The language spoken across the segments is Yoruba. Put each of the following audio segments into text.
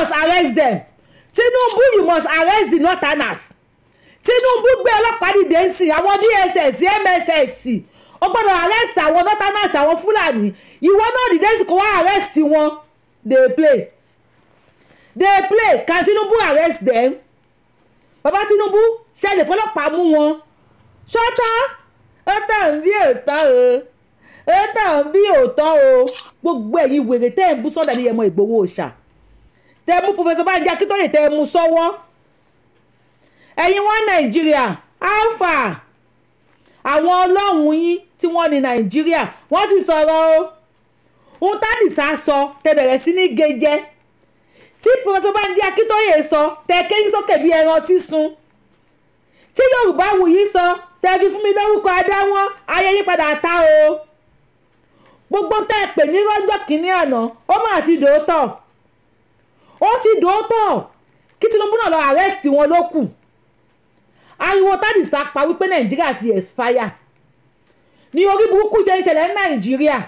must arrest them Tinubu you must arrest the northerners Tinubu gbé ọlọ́pàá dìde ń sìn àwọn DSS MSS ó gbọ́dọ̀ arrest àwọn northerners àwọn Fúlàní ìwọ náà dìde ń sìn kó wá arrest wọn dey play dey play can Tinubu arrest them bàbá Tinubu ṣe lè fọlọ́pàá mú wọn ṣọ́tọ́ ó tàn bí òótọ́ o ó tàn bí òótọ́ o gbogbo ẹ̀yin wèrè tẹ́ ẹ̀ ń bú sọ́dọ̀ ní ẹ̀mọ Ìgbòho Òòṣà tẹ Professor Banji Akintoye tẹ mú sọ́wọ́ ẹ̀yin wá Nàìjíríà alpha àwọn ọlọ́run yín tí wọ́n ní Nàìjíríà wọ́n ti sọ̀rọ̀ o ohun tádìsá sọ tẹ bẹ̀rẹ̀ sí ní gẹ́jẹ́ tí Professor Banji Akintoye sọ tẹ kéyìn sókè bí ẹran sísun tí Yorùbá Wùyí sọ tẹ fi fún mi lórúkọ adáwọn ayé yín padà ta o gbogbo tẹ́ ẹ pè ní rọ́jọ́ kìíní àná ó mà ti dòótọ́ ó ti dòótọ́ kí Tinubu náà lọ arrest wọn ló kù ariwo tádìsá pa wípé nàìjíríà ti expire ní orí burúkú ṣe ń ṣẹlẹ̀ ní nàìjíríà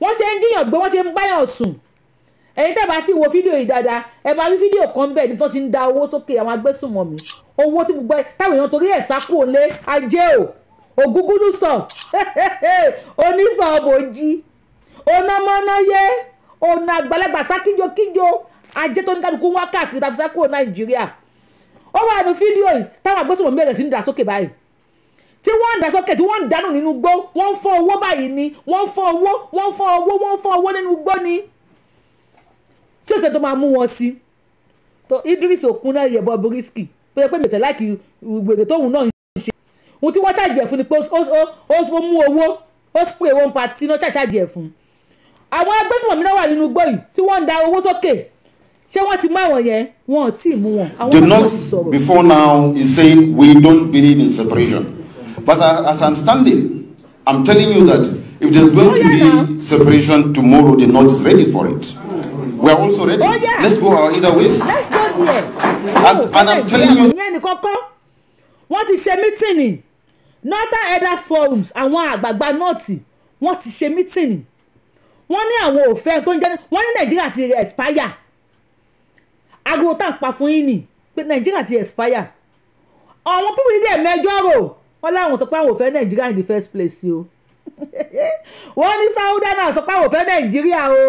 wọ́n ṣe ń jíyàn gbé wọ́n ṣe ń báyàn sùn ẹ̀yin tẹ́ bá ti wo fídíò yìí dáadáa ẹ máa rí fídíò kan bẹ́ẹ̀ ni tó ti ń da owó sókè àwọn agbésùnmọ̀mí owó tí gbogbo táwọn èèyàn torí ẹ̀ sá kúrò lé ajé o ògúngúnú sọ onísàn ọbọ̀ jí onámọ́náyé ọ̀nà àgbàlagbà sákíjokíjo ajé tó ní kálukú wá káàkiri tá a fi sá kúrò nàìjíríà ó wà nínú fídíò yìí táwọn agbésùnmọ̀ bẹ̀rẹ̀ sí ń dà sókè báyìí tí wọ́n ń dà sókè tí wọ́n ń dànù nínú gbó wọ́n ń fọ́ owó báyìí ni wọ́n ń fọ́ owó wọ́n ń fọ́ owó wọ́n ń fọ́ owó nínú gbó ni tí ó sì tó máa mú wọn sí tó Idris Okunna yẹbọ Bobrisky tó yẹ pé mẹtẹ láìkì gbèrè tóun náà ń ṣe ohun tí wọ́n ṣàjẹ́ fún ni pé ó mú owó ó spray one party náà ṣàṣàjẹ́ fún àwọn agbésùnmọ̀ mi náà wà nínú gbó yìí tí wọ́n ń da owó sókè ṣé wọ́n ti mú àwọn yẹn wọn ò tí ì mú wọn. the north before now is saying we don't believe in separation but as, i'm standing i'm telling you that if there's going oh, to be separation tomorrow the north is ready for it we are also ready oh, let's go our either ways. let's go there. and, and i'm telling you. ìyẹn nìkan kọ́ wọ́n ti ṣe mítìnì northern elders forums àwọn àgbààgbà nọ́ọ̀tì wọ́n ti ṣe mítìnì wọ́n ní àwọn òfẹ́ tó ń jẹ́ wọ́n ní nàìjíríà ti expire ariwo tá à ń pa fún yín nì pé nàìjíríà ti expire ọ̀rọ̀ pípọ̀ nídìí ẹ̀mẹ́jọ́ rò wọ́n láwọn sọ pé àwọn ò fẹ́ nàìjíríà in the first place o wọ́n ní sáúdà náà sọ pé àwọn ò fẹ́ nàìjíríà o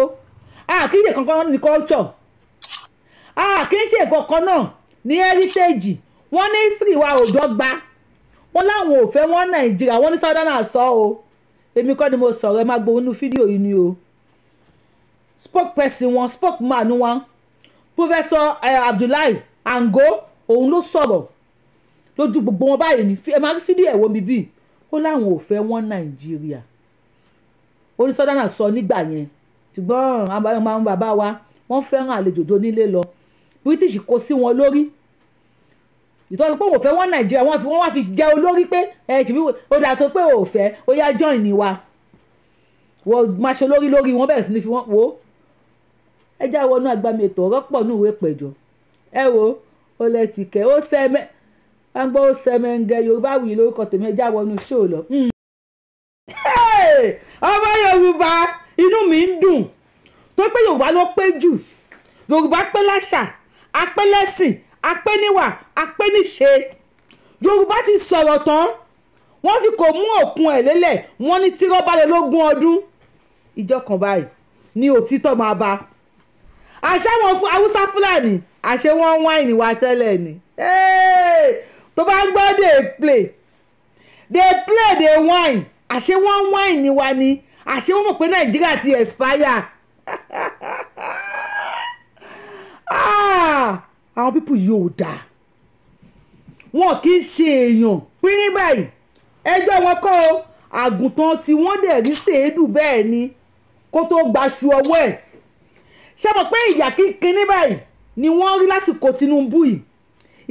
àkíyè kankan ní culture àkíyè kankan náà ní heritage wọ́n ní history wa ò dọ́gba wọ́n láwọn ò fẹ́ wọ́n nàìjíríà wọ́n ní sáúdà náà sọ o èmi kọ́ ni mo sọ̀rọ̀ ẹ máa gbowó nínú fídíò yìí ni o spokesperson wọn spokesman wọn professor eh, abdullahi ango òun ló sọ̀rọ̀ lójú gbogbo wọn báyìí ní ẹ máa rí fídíò ẹ̀ wo mi bíi ó láwọn ò fẹ́ wọn nàìjíríà onísọdánà sọ nígbà yẹn ṣùgbọ́n àwọn máa ń bàbá wa wọ́n fẹ́ràn àlejò tó nílé lọ british kó sí wọn lórí ìtọ́jú pé òun fẹ́ wọn nàìjíríà wọ́n wá fi jẹ́ olórí pé ẹ ṣèbí ó dà tó pé òun fẹ́ ó yá join ni wa wọ́n máa ṣe olórí lórí wọn bẹ̀rẹ̀ sí ni fi wọ́n wo ẹ já wọnú agbami ètò ọ̀rọ̀ pọ̀ ní ìwé pẹ̀jọ́ ẹ wo ó lẹ ti kẹ́ ó sẹ́mẹ́ wọ́n gbọ́ ó sẹ́mẹ́ ń gẹ yorùbá wì lórúkọ tèmi ẹ já wọnú ṣóò lọ. Hmm. ọmọ yorùbá inú mi ń dùn tó pé yorùbá ló pé jù yorùbá pé láṣà apé lẹ́sìn apé níwà apé níṣe yorùbá ti sọ̀rọ̀ tán wọ́n fi kò mú òkun ẹ̀ lélẹ̀ wọ́n ní tírọ́balẹ̀ lógún ọdún ìjọ báyìí ni òtítọ́ máa bá a àṣẹ wọn fún haúsá fúlàní àṣẹ wọn wáìnì wa tẹ́lẹ̀ ni tó bá gbọ́ dey play dey play dey wine àṣẹ wọn wáìnì wa ni àṣẹ wọn mọ̀ pé nàìjíríà ti expire ah! àwọn pípù yóò dáa wọn kì í ṣe èèyàn pínrín báyìí ẹjọ́ wọn kọ́ àgùntàn tí wọ́n dẹ̀ rí ṣèédú bẹ́ẹ̀ ni kó tó gbaṣu ọwọ́ ẹ̀ ṣé mo pé ìyà kíkan ní báyìí ni wọ́n rí lásìkò Tinubu yìí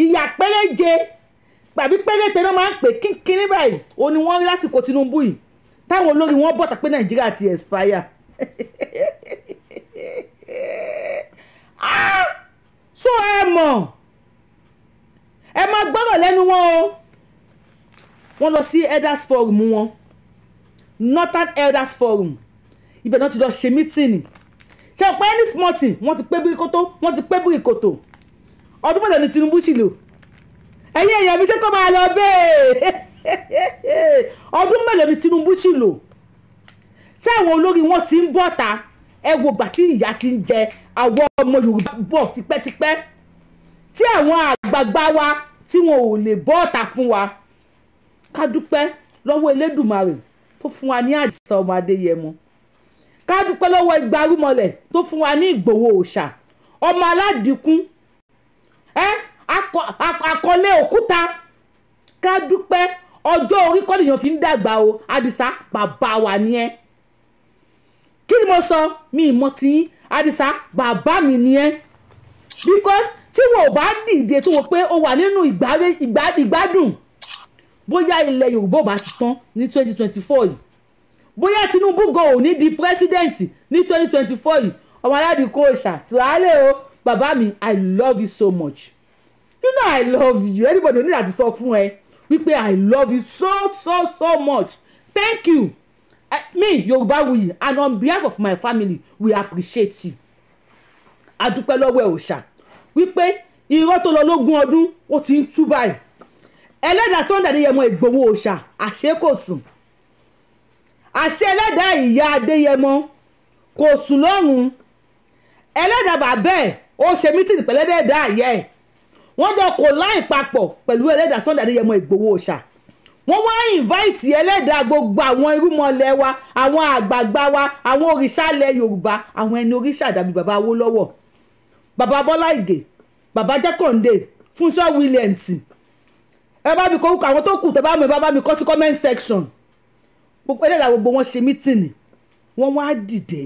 ìyà péréje tàbí péréte náà máa ń pè kíkan ní báyìí òun ni wọ́n rí lásìkò Tinubu yìí táwọn olórí wọn bọ̀ tàpé Nàìjíríà ti expire ah so ẹ mọ̀ ẹ máa gbọ́rọ̀ lẹ́nu wọn o wọ́n lọ sí elders forum wọn northern elders forum ibẹ̀ náà ti lọ ṣe mítìnì ṣe pé any small thing wọ́n ti pé bí kótó wọ́n ti pé bí ìkòtò ọdún mélòó ni Tinubu sì lò ẹ̀yin èèyàn mi ṣé kó máa lọ bẹ́ẹ̀ ọdún mélòó ni Tinubu sì lò ṣé àwọn olórí wọn ti ń bọ̀ ta ẹ wo gbà tí ìyà ti ń jẹ àwọn ọmọ Yorùbá bọ̀ tipẹ́tipẹ́ tí àwọn àgbààgbà wa tí wọn ò lè bọ́ ọ̀tà fún wa ká dúpẹ́ lọ́wọ́ Elédùmarè tó fún wa ní Àdìsá ọmọ Adéyẹmọ ká lọ́wọ́ Ìgbárúmọlẹ̀ tó fún wa ní Ìgbòho òòṣà ọmọ aládìkún ẹ àkọlé òkúta ká dúpẹ́ ọjọ́ orí kọ́ nìyàn fi ń dàgbà o Àdìsá bàbá wa ni ẹ kí ni mo sọ mi ì mọ tiyín Àdìsá bàbá mi ni ẹ because tí wọn ò bá dìde tó wọ pé o wà nínú ìgbádùn bóyá ilẹ̀ Yorùbá ò bá ti tán ní twenty twenty four yìí bóyá Tinubu go ò ní di president ní twenty twenty four yìí ọmọ aládìí kò ṣàtúrálẹ̀ o bàbá mi i love you so much you know i love you anybody need ti sọ fún ẹ wípé i love you so so so much thank you I, me Yorubawuyi and on behalf of my family we appreciate you adúpẹ́ lọ́wọ́ ẹ̀ òòṣà wípé irọ́ tó lọ lógún ọdún ó ti ń tú báyìí ẹlẹ́dàá Sunday Adéyẹmọ Ìgbòho òòṣà àṣé kò sùn àṣẹ ẹlẹ́dàá ìyá adéyẹmọ kò sùn lọ́rùn ẹlẹ́dàá bàbá ẹ̀ ó ṣe mítìnì pẹ̀lú ẹlẹ́dàá ìyá ẹ̀ wọ́n jọ kò láì papọ̀ pẹ̀lú ẹlẹ́dàá Sunday adéyẹmọ ìgbòho òòṣà wọ́n wá ìnváìtì ẹlẹ́dàá gbogbo àwọn irúmọlẹ̀ wa àwọn àgbààgbà wa àwọn òrìṣà ilẹ̀ yorùbá àwọn ẹni òrìṣà dàbí bàbá awólọ́wọ̀ bàbá bọ́lá ìgè bàbá jẹ́kọ̀ǹde fúnṣọ́ williams ẹ bá mi kọ́ orúkọ àwọn tó kù tẹ́ bá mọ̀ bá mi kọ́ sí comment section gbogbo ẹlẹ́dàá gbogbo wọn ṣe mítìnì wọ́n wá dìde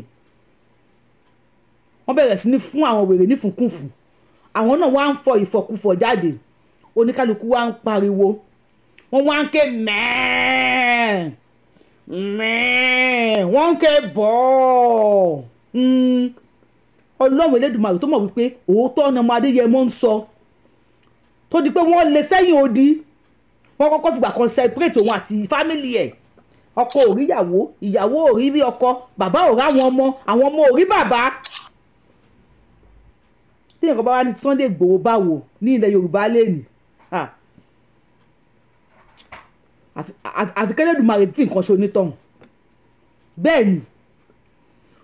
wọ́n bẹ̀rẹ̀ sí ní fún àwọn wèrè nífùnkúfù àwọn náà wá ń fọ ìfọkúfọ̀ jáde oníkálukú wá ń pariwo wọ́n wá ń ké mẹ́ẹ̀ mẹ́ẹ̀ wọ́n ń ké bọ́ọ̀ hmm. ọlọ́run elédùnmarè tó mọ̀ wípé òótọ́ ọ̀nà ọmọ adéyẹmọ ń sọ tó di pé wọ́n lé sẹ́yìn odi wọ́n kọ́kọ́ fìgbà kan separate òun àti fámìlì ẹ̀ ọkọ ò rí ìyàwó ìyàwó ò rí rí ọkọ bàbá ò rá àwọn ọmọ àwọn ọmọ ò rí bàbá. tí nǹkan bá wá ní Sunday Igboho báwo ní ilẹ̀ Yorùbá lẹ́nu àti kẹ́lẹ́dùmarè tí nǹkan ṣe onítọ̀hún bẹ́ẹ̀ ni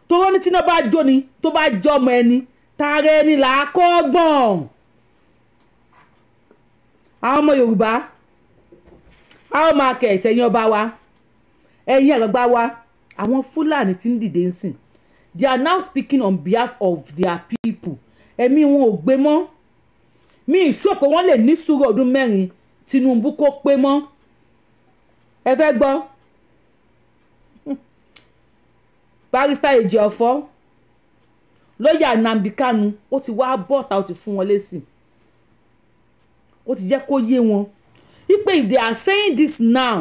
tó rọ́ ní tíná bá jó ni tó bá jọ ọmọ ẹni tààrẹ ẹni là á kọ́ gbọ̀n àwọn ọmọ Yorùbá àwọn ọmọ akẹ́ ìtẹ̀yìn ọba wa ẹ̀yin àgbàgbà wa àwọn fúlàní ti ń dìde ń they are now speaking on behalf of their people ẹ̀mí wọn ò gbé mọ́ mi ìṣòkò wọn lè ní sùúrù ọdún mẹ́rin Tinubu kó pé mọ́ ẹ fẹ́ gbọ́ barrister èjì ọ̀fọ́ lọ́ọ̀yà Nnamdi Kanu ó ti wá bọ́ọ̀ta ó ti fún wọn lésì ó ti jẹ́ kó yé wọn wípé if they are saying this now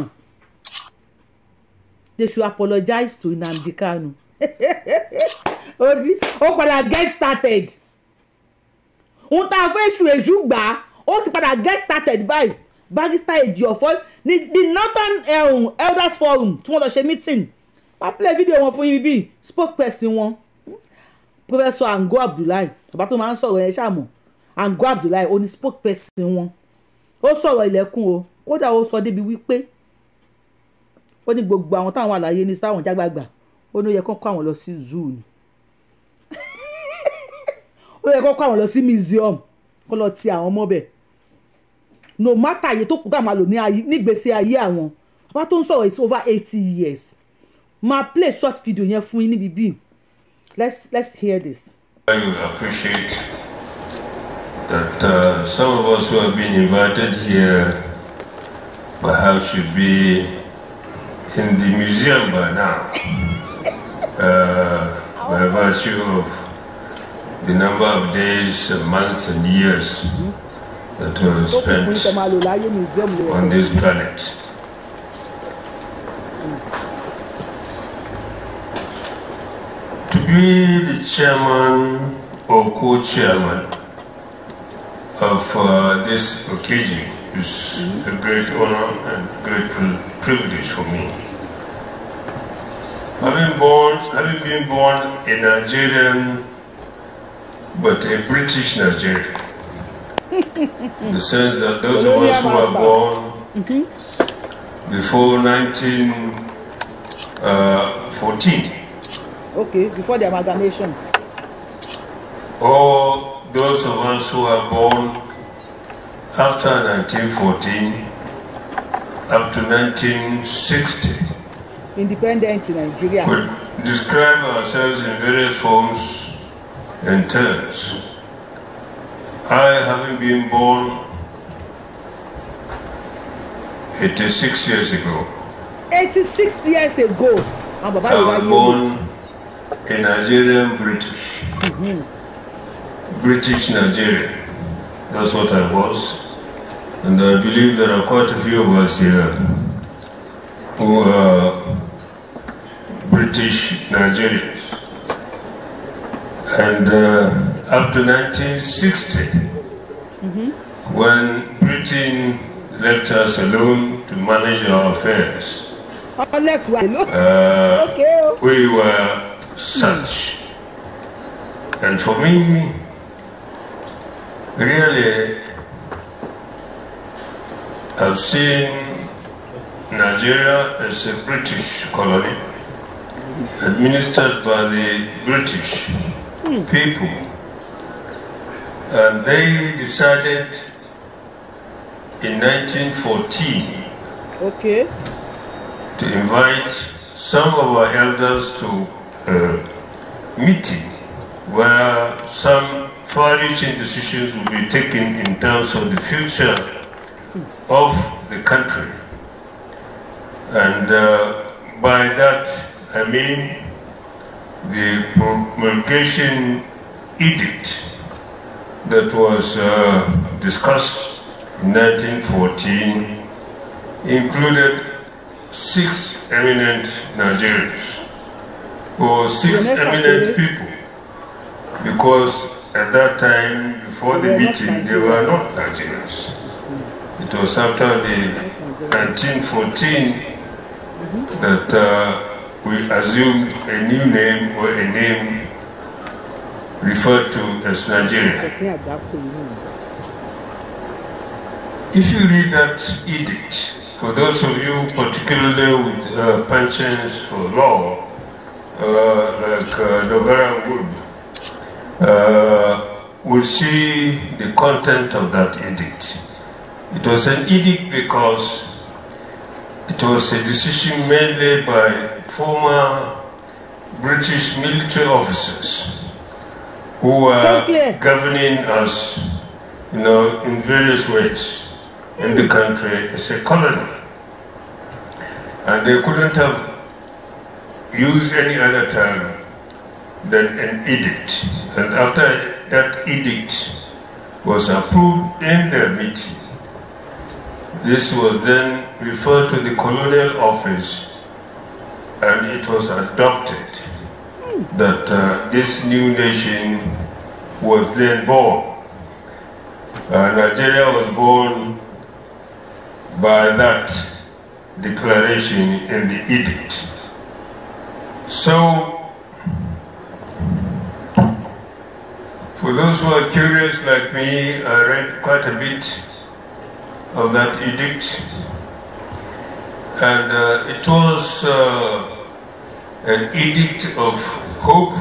they should apologize to Nnamdi Kanu ó padà get started òun tá a fẹ́ ṣù èṣù gbà á ó ti padà get started báyìí barrister Ejiofor ní the northern um, elders forum tí wọ́n lọ ṣe meeting wọ́n play video wọn fún yín bíi spokesperson wọn professor Ango Abdullahi bàbá tó máa ń sọ̀rọ̀ yẹn ṣàmọ̀ Ango Abdullahi ó ní spokesperson wọn ó sọ̀rọ̀ ilẹ̀kùn o kódà ó sọ débi wípé ó ní gbogbo àwọn táwọn àlàyé ní sáwọn jágbàgbà ó ní ó yẹ kó kó àwọn lọ sí zoo ni ó yẹ kó kó àwọn lọ sí museum kó lọ ti àwọn ọmọ bẹ̀ no matter iye tó kù tá máa lò nígbèsè ayé àwọn bàbá tó ń sọ̀rọ̀ it's over eighty years máa play short video yẹn fún yín níbi bíi let's let's hear this. I appreciate that uh, some of us who have been invited here perhaps should be in the museum by now. Uh, by virtue of the number of days, months and years that were spent on this planet. To be the chairman or co-chairman of uh, this occasion is a great honor and great privilege for me. Having born, having been born a Nigerian, but a British Nigerian, in the sense that those of us who were born before 1914. Uh, okay, before the amalgamation. Or those of us who were born after 1914 up to 1960 independent in Nigeria. We describe ourselves in various forms and terms. I, having been born 86 years ago, 86 years ago, I was born a Nigerian British. Mm -hmm. British Nigerian. That's what I was. And I believe there are quite a few of us here who are British Nigerians. And uh, up to 1960, mm -hmm. when Britain left us alone to manage our affairs, oh, uh, oh. we were such. And for me, really, I've seen Nigeria as a British colony administered by the British people. And they decided in 1914 okay. to invite some of our elders to a uh, meeting where some far-reaching decisions will be taken in terms of the future of the country. And uh, by that I mean the promulgation edict that was uh, discussed in 1914 included six eminent Nigerians or six eminent people because at that time before the meeting they were not Nigerians. It was after the 1914 mm-hmm. that uh, we assume a new name or a name referred to as Nigeria. If you read that edict, for those of you particularly with uh, for law, uh, like uh, Novara would, uh, will see the content of that edict. It was an edict because it was a decision made by former British military officers who were governing us, you know, in various ways in the country as a colony. And they couldn't have used any other term than an edict. And after that edict was approved in the meeting, this was then referred to the colonial office and it was adopted that uh, this new nation was then born. Uh, Nigeria was born by that declaration in the edict. So, for those who are curious like me, I read quite a bit of that edict. And uh, it was uh, an edict of hope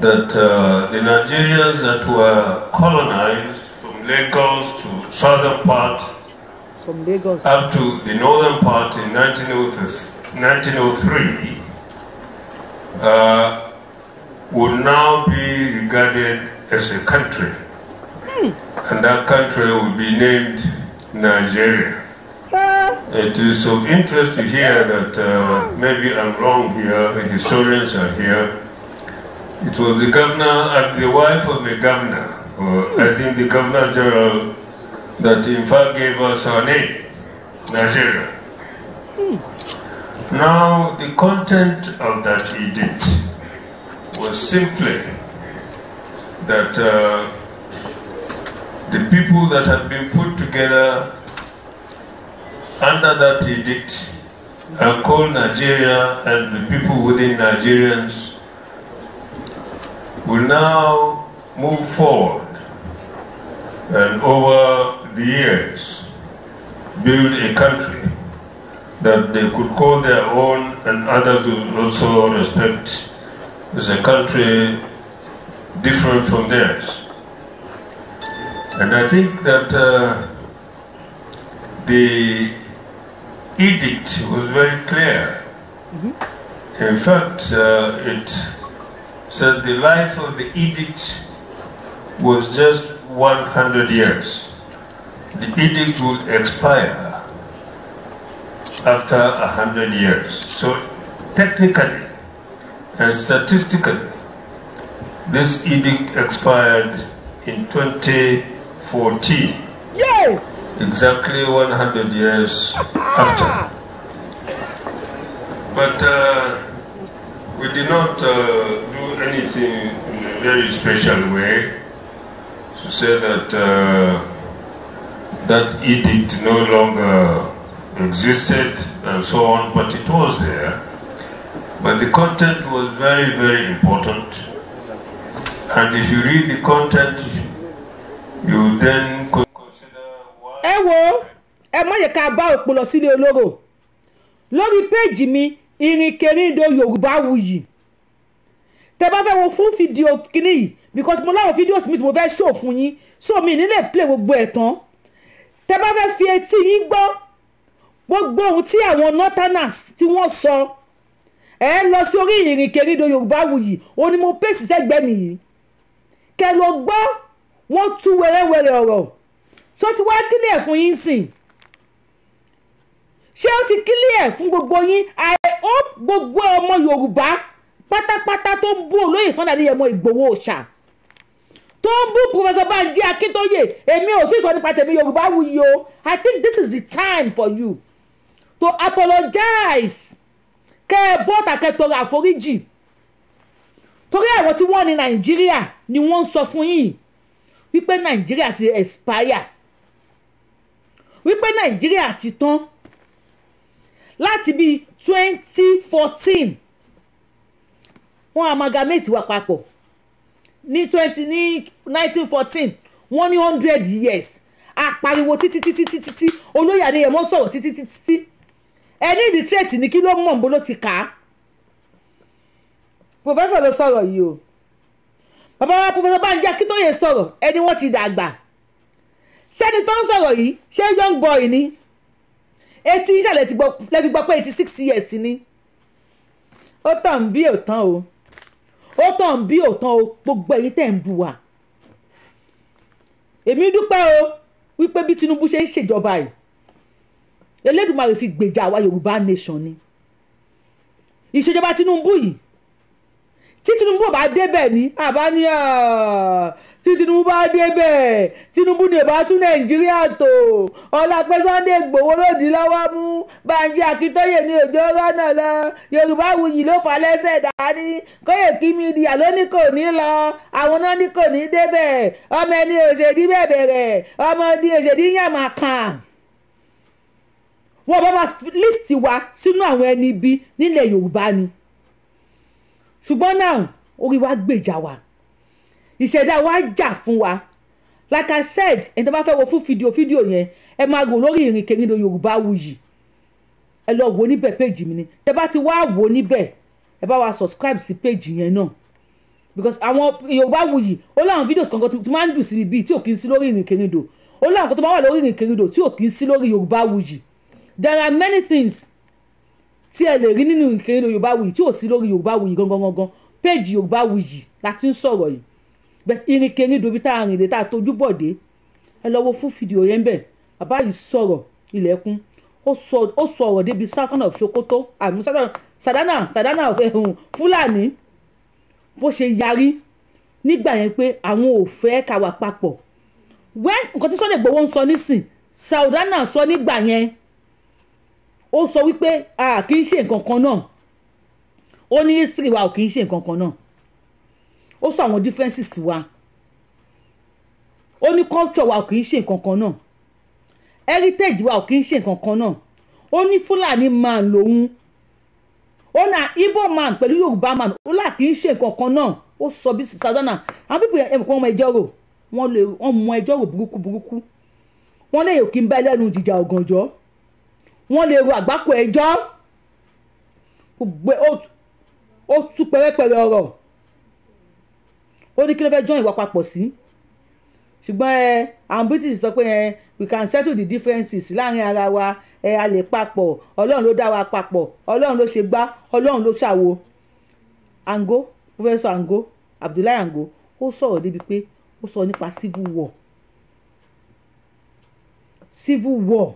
that uh, the Nigerians that were colonized from Lagos to southern part from Lagos. up to the northern part in 1903 uh, would now be regarded as a country and that country will be named Nigeria. It is so interesting to hear that uh, maybe I'm wrong here, historians are here. It was the governor, and the wife of the governor, or I think the governor general, that in fact gave us her name, Nigeria. Now, the content of that edict was simply that uh, the people that had been put together under that edict are called Nigeria and the people within Nigerians will now move forward and over the years build a country that they could call their own and others will also respect as a country different from theirs. And I think that uh, the edict was very clear. Mm -hmm. In fact, uh, it said the life of the edict was just 100 years. The edict would expire after 100 years. So technically and statistically, this edict expired in 20 14. Yay! Exactly 100 years after. But uh, we did not uh, do anything in a very special way to say that uh, that edict no longer existed and so on, but it was there. But the content was very, very important. And if you read the content, you then consider why. ẹ wo ẹ má yẹ ká bá òpó lọ sílé olóró lórí péèjì mi ìrìnkèrindò Yorùbáwùyí tẹ bá fẹ́ wo fún fídíò kínní yìí because mo láwọn fídíò sí mi tí mo fẹ́ show fún yín so mi nílé play gbogbo ẹ̀ tán tẹ bá fẹ́ fi etí yín gbọ́ gbogbo ohun tí àwọn northerners tí wọ́n sọ ẹ lọ sí orí ìrìnkèrindò Yorùbáwùyí òní mo pèsè sẹ́gbẹ́ nìyí kẹ lọ gbọ́ wọ́n tú wẹ́rẹ́wẹ́rẹ́ ọ̀rọ̀ ṣó ti wá kílẹ̀ fún yín sìn ṣé ó ti kílẹ̀ fún gbogbo yín i hope gbogbo ọmọ yorùbá pátápátá tó ń bú olóyè Sunday Adéyẹmọ Ìgbòho Òòṣà tó ń bú professor Banji Akíntóyè èmi ò tí ì sọ nípa tèmi yorùbá wuyi o i think this is the time for you to apologize kẹ ẹ bọ́ta kẹ tọrọ àforíjì torí àwọn tí wọ́n ní nàìjíríà ni wọ́n ń sọ fún yín wípé nàìjíríà ti expire wípé nàìjíríà ti tán láti bíi twenty fourteen wọ́n amalgamate wà papọ̀ ní twenty ní nineteen fourteen wọ́n ní hundred years àpariwo títí títí títí olóyè adéyẹmọ sọ̀rọ̀ títí títí ẹni ìdí tírẹ̀tì ní kí ló mọ̀ bó ló ti kà á pòfẹ́sọ̀ ló sọ̀rọ̀ yìí o bàbá wa pọfẹsọ Bánjí Akíntóyè sọ̀rọ̀ ẹni wọ́n ti dàgbà ṣẹ́ni tó ń sọ̀rọ̀ yìí ṣé young boy ni etí ìṣàlẹ̀ lẹ́fi gbọ́ pé eighty six years ni ó tàn bí òtán o ó tàn bí òtán o gbogbo ẹ̀yin tẹ̀ ń bù wá èmi dúpẹ́ o wípé bí Tinubu ṣe ń ṣèjọba yìí Elédùmarè fi gbèjà àwa Yorùbá nation ni ìṣèjọba Tinubu yìí tí Tinubu bá débẹ̀ ní àbá ah, ní Tinubu bá débẹ̀ Tinubu ni bá tún Nàìjíríà tò ọlápẹ́ Sunday Igboho lòdì lọ́wọ́ mú Bánjí Akíntóyè ní òjò rọ́nà lọ Yorùbá wuyì ló fà lẹ́sẹ̀ dání Kóyèkí mídíà ló ní kò ní lọ àwọn náà ní kò ní débẹ̀ ọmọ ẹni òṣèdí bẹ̀bẹ̀rẹ̀ ọmọ ẹni òṣèdí yàmàkà wọ́n bá máa lísìtì wá sínú àwọn ẹni bí nílẹ̀ Yorùbá ni ṣùgbọ́n náà orí wa gbèjà wa ìṣẹ̀dá wa jà fún wa like i said ẹni tó bá fẹ́ wo fún fídíò fídíò yẹn ẹ máa wò lórí ìrìnkèrindò Yorùbáwùyí ẹ lọ wò níbẹ̀ péjì mi ni tẹ bá ti wá wò níbẹ̀ ẹ bá wa subscribe sí péjì yẹn náà because àwọn Yorùbáwùyí ó láwọn fídíòs kankan tí máa ń dùn sí ibi tí ò kí ń sí lórí ìrìnkèrindò ó láwọn kan tó bá wà lórí ìrìnkèrindò tí ò kí ń sí lórí Yorùbáwùyí there are many things tí ẹ lè rí nínú ìkéde yorùbá wuyì tí ò sí lórí yorùbá wuyì gangan gangan péèjì yorùbá wuyì la ti ń sọ̀rọ̀ yìí bẹ́ẹ̀ irinkerin dobi tá a rìn dé tá a tójú bọ̀ dé ẹ lọ́wọ́ fún fídíò yẹn bẹ́ẹ̀ bàbá yìí sọ̀rọ̀ ilẹ̀kùn ó sọ̀rọ̀ débi Sultan of Sokoto àmì Sadana Sadana Fúlàní eh, um, bó ṣe yarí nígbà yẹn pé àwọn ò fẹ́ ká wà papọ̀ wẹ́n nǹkan tí Sunday Igboho ń sọ nísìn Sadana sọ nígbà yẹn ó sọ wípé a kì í ṣe nǹkan kan náà ó ní history wa ò kì í ṣe nǹkan kan náà ó sọ àwọn differences wa ó ní culture wa ò kì í ṣe nǹkan kan náà heritage wa ò kì í ṣe nǹkan kan náà ó ní Fúlàní man lòun ó na Igbo man pẹ̀lú Yorùbá man ó là kì í ṣe nǹkan kan náà ó sọ bí sùtàdánà àwọn pípọ̀ ẹ̀mí kan ọmọ ẹjọ́ rò wọ́n mọ ẹjọ́ rò burúkú burúkú wọ́n lè yòókì ń bá ẹlẹ́nu jìjà ọ̀gànjọ́ wọ́n lè ro àgbákò ẹjọ́ ó tú pẹ́rẹ́pẹ́rẹ́ ọ̀rọ̀ ó ní kí ló fẹ́ jọ ìwà papọ̀ sí ṣùgbọ́n ẹ àwọn british sọ pé ẹ we can settle the differences láàrin ara wa ẹ a lè papọ̀ ọlọ́run ló dá wa papọ̀ ọlọ́run ló ṣe gbá ọlọ́run ló ṣàwo ango professor ango abdullahi ango ó sọ̀rọ̀ débi pé ó sọ nípa civil war civil war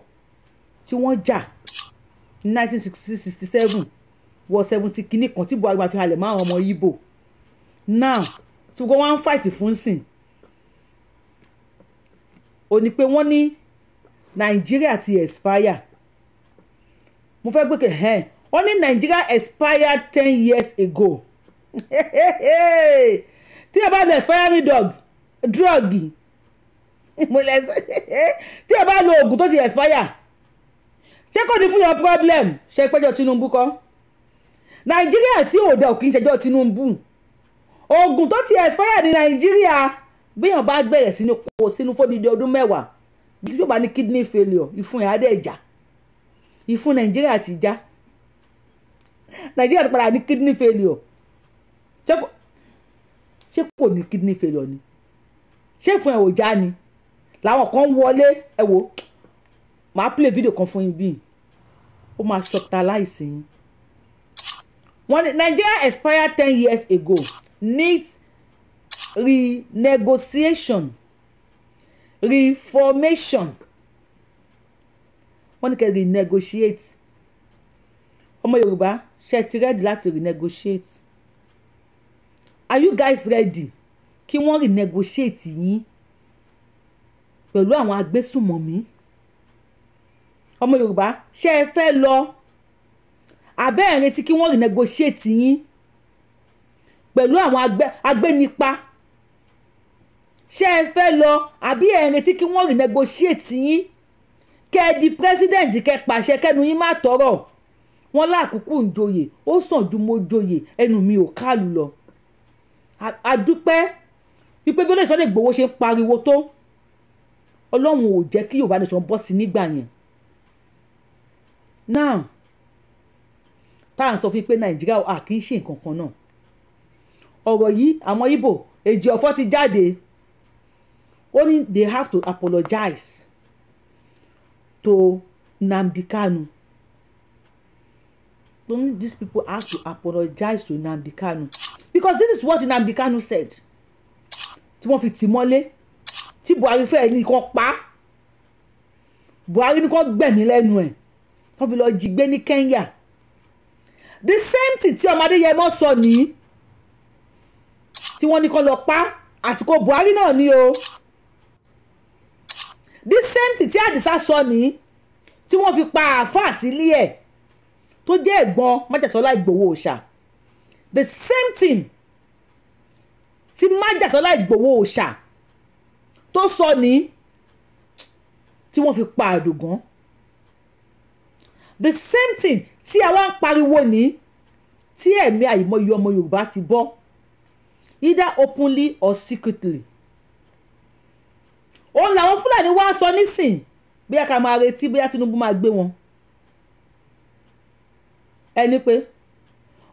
tí wọ́n jà ní nineteen sixty seven wọ seventy kìíní kan tí Buhari máa fi halẹ̀ mọ́ ọmọ Ìgbò now tí wọ́n wá ń fight fún sìn ò ní pé wọ́n ní Nàìjíríà ti expire mo fẹ́ gbé kẹ́ ẹ̀ wọ́n ní Nàìjíríà expired ten years ago tí ẹ bá lo expiring dog drug mo lẹ sọ tí ẹ bá lo oògùn tó ti expire ṣé kò ní fún yàn problem ṣe péjọ Tinubu kọ́ Nàìjíríà tí ò dá òkè ìṣẹ́jọ́ Tinubu oògùn tó ti expire ní Nàìjíríà bíyàn bá gbẹ̀rẹ̀ sínú kò sínú fódìdí ọdún mẹ́wàá bí yóò bá ní kidney failure ìfun ẹ̀ á dẹ̀ jà ìfun Nàìjíríà ti já Nàìjíríà ti padà ní kidney failure ṣé kò ní kidney failure ni ṣé ìfun ẹ̀ ò já ni làwọn kan wọlé ẹ wò màá play video kan fún yín bí ó máa ṣọtaláìsí yín. wọ́n ní Nigeria expired ten years ago needs renegotiation reformation wọ́n ní kẹ́ renegotiate ọmọ Yorùbá ṣe ti ready láti renegotiate are you guys ready kí wọ́n renegotiate yín pẹ̀lú àwọn agbésùnmọ̀mí ọmọ yorùbá ṣé ẹ fẹ́ lọ àbẹ́ ẹ̀ retí kí wọ́n renegotiate yín pẹ̀lú àwọn agbẹ́nipa ṣé ẹ fẹ́ lọ àbí ẹ̀ retí kí wọ́n renegotiate yín kẹ́ ẹ di president kẹ́ ẹ pàṣẹ kẹ́nu yín má tọrọ wọn láàkúkú ń joyè ó sàn ju mo joyè ẹnu mi ò kálù lọ àdúpẹ́ wípé bí olóòṣèlú Ìgbòho ṣe ń pariwo tó ọlọ́run ò jẹ́ kí Yorùbá nation bọ́ sí nígbà yẹn now tá à ń sọ fún pé nàìjíríà à kì í ṣe nǹkan kan náà ọ̀rọ̀ yìí àwọn Ìgbò èjì ọ̀fọ́ ti jáde ó ní they have to apologize to Nnamdi Kanu only these people have to apologize to Nnamdi Kanu because this is what Nnamdi Kanu said tí wọ́n fi tì mọ́lé tí Buhari fẹ́ẹ́ ní kó pa Buhari ní kó gbẹ̀mí lẹ́nu ẹ̀ tó fi lọ́ọ́ jí gbé ní Kenya the same thing tí ọmọ Adéyẹmọ sọ nìyí tí wọ́n ní kó lọ pa àsìkò Buhari náà ni o the same thing tí Àdìsá sọ nìyí tí wọ́n fi pa àáfàá sílé ẹ̀ tó jẹ́ ẹ̀gbọ́n májàsọ́lá ìgbòho òòṣà the same thing tí májàsọ́lá ìgbòho òòṣà tó sọ ní tí wọ́n fi pa àdùgán the same thing tí a wá ń pariwo ní tí ẹ̀mí àìmọye ọmọ Yorùbá ti bọ́ either openly or secretly òun làwọn Fúlàní wá sọ nísìn bóyá ká máa retí bóyá Tinubu máa gbé wọn ẹni pé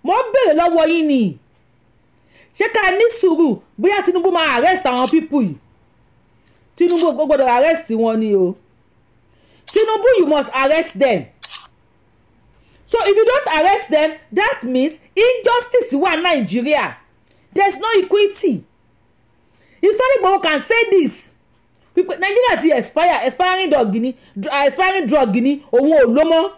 mo ń béèrè lọ́wọ́ yín ni ṣé ká ní sùúrù bóyá Tinubu máa arrest àwọn pípù yìí Tinubu gbọ́dọ̀ arrest wọn ni o Tinubu you must arrest them so if you don't arrest them that means injustice wà Nigeria there is no equity if Sunday can say this Nigeria ti expire expiring drug ni uh, expiring drug ni òun ò ló mọ́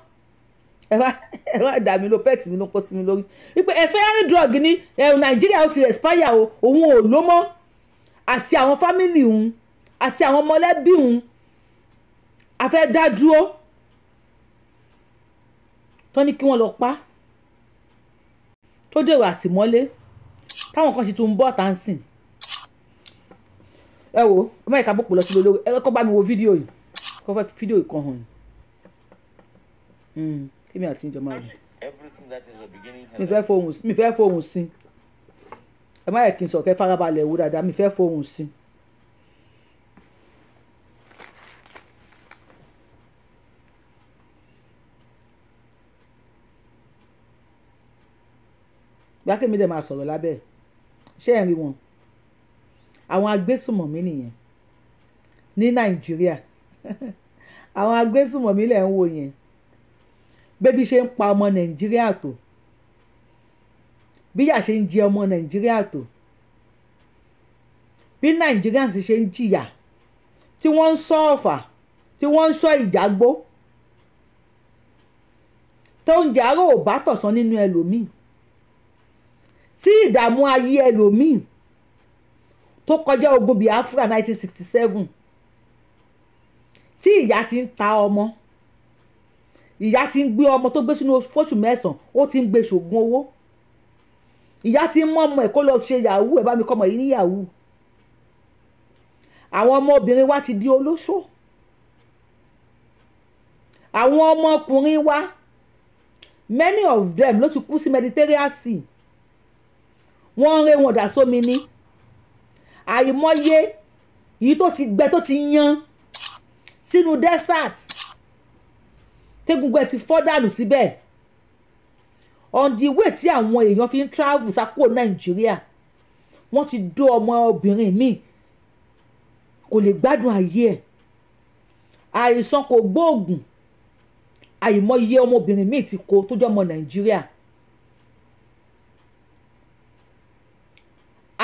ẹ wá ẹ wá dà mí ló pẹ́ẹ́tì mi ló kó sí mi lórí wípé expiring drug ni eh, Nigeria ó ti expire o òun ò ló mọ́ àti àwọn fámìlì òun àti àwọn mọ̀lẹ́bí òun a fẹ́ dá dúró tó ní kí wọ́n lọ pa tó dèrò àtìmọ́lé táwọn kan sì tún ń bọ́ táǹsìn ẹ wo ọmọ ìka bòpò lọ sí olórí ẹ kọ́ bá mi wo fídíò yìí kọ́ fẹ́ fídíò yìí kan hàn hmm, kí mi àti ìjọ máa rí mi fẹ́ fohùn sí ẹ má yẹ kí n sọ kẹ́ farabalẹ̀ wo dáadáa mi fẹ́ fohùn sí i. gbákèmí dẹ̀ máa sọ̀rọ̀ lábẹ́ ṣé ẹ̀ rí wọn àwọn agbésùmọ̀mí nìyẹn ní nàìjíríà àwọn agbésùmọ̀mí lẹ̀ ń wò yẹn bébí ṣe ń pa ọmọ nàìjíríà tó bíyà ṣe ń jẹ ọmọ nàìjíríà tó bí nàìjíríà sì ṣe ń jìyà tí wọ́n ń sọ ọ̀fà tí wọ́n ń sọ ìjàgbó tó ń jẹ́ àárò ò bá tọ̀sán nínú ẹlòmíì tí ìdààmú ayé ẹlòmíì tó kọjá ogun Biafra 1967 tí ìyá ti ń ta ọmọ ìyá ti ń gbé ọmọ tó gbé sínú fóṣù mẹ́sàn-án ó ti ń gbé ṣògùn owó ìyá ti ń mọ ọmọ ẹ̀ kó lọ ṣe yahoo ẹ̀ bá mi kọ́ ọmọ yìí ní yahoo àwọn ọmọbìnrin wa ti di olóṣó àwọn ọmọkùnrin wa many of them ló ti kú sí Mediterranean Sea wọ́n ń ré wọn dà sómi ní àìmọye yìí tó ti gbẹ tó ti yan sínú desert tegungun ẹ̀ ti fọ́ dànù síbẹ̀ on the way tí àwọn èèyàn fi ń travel sáko nàìjíríà wọ́n ti dó ọmọ obìnrin míì kò lè gbádùn ayé ẹ̀ àìsàn kò gbóògùn àìmọye ọmọbìnrin míì ti kó tó jẹ́ ọmọ nàìjíríà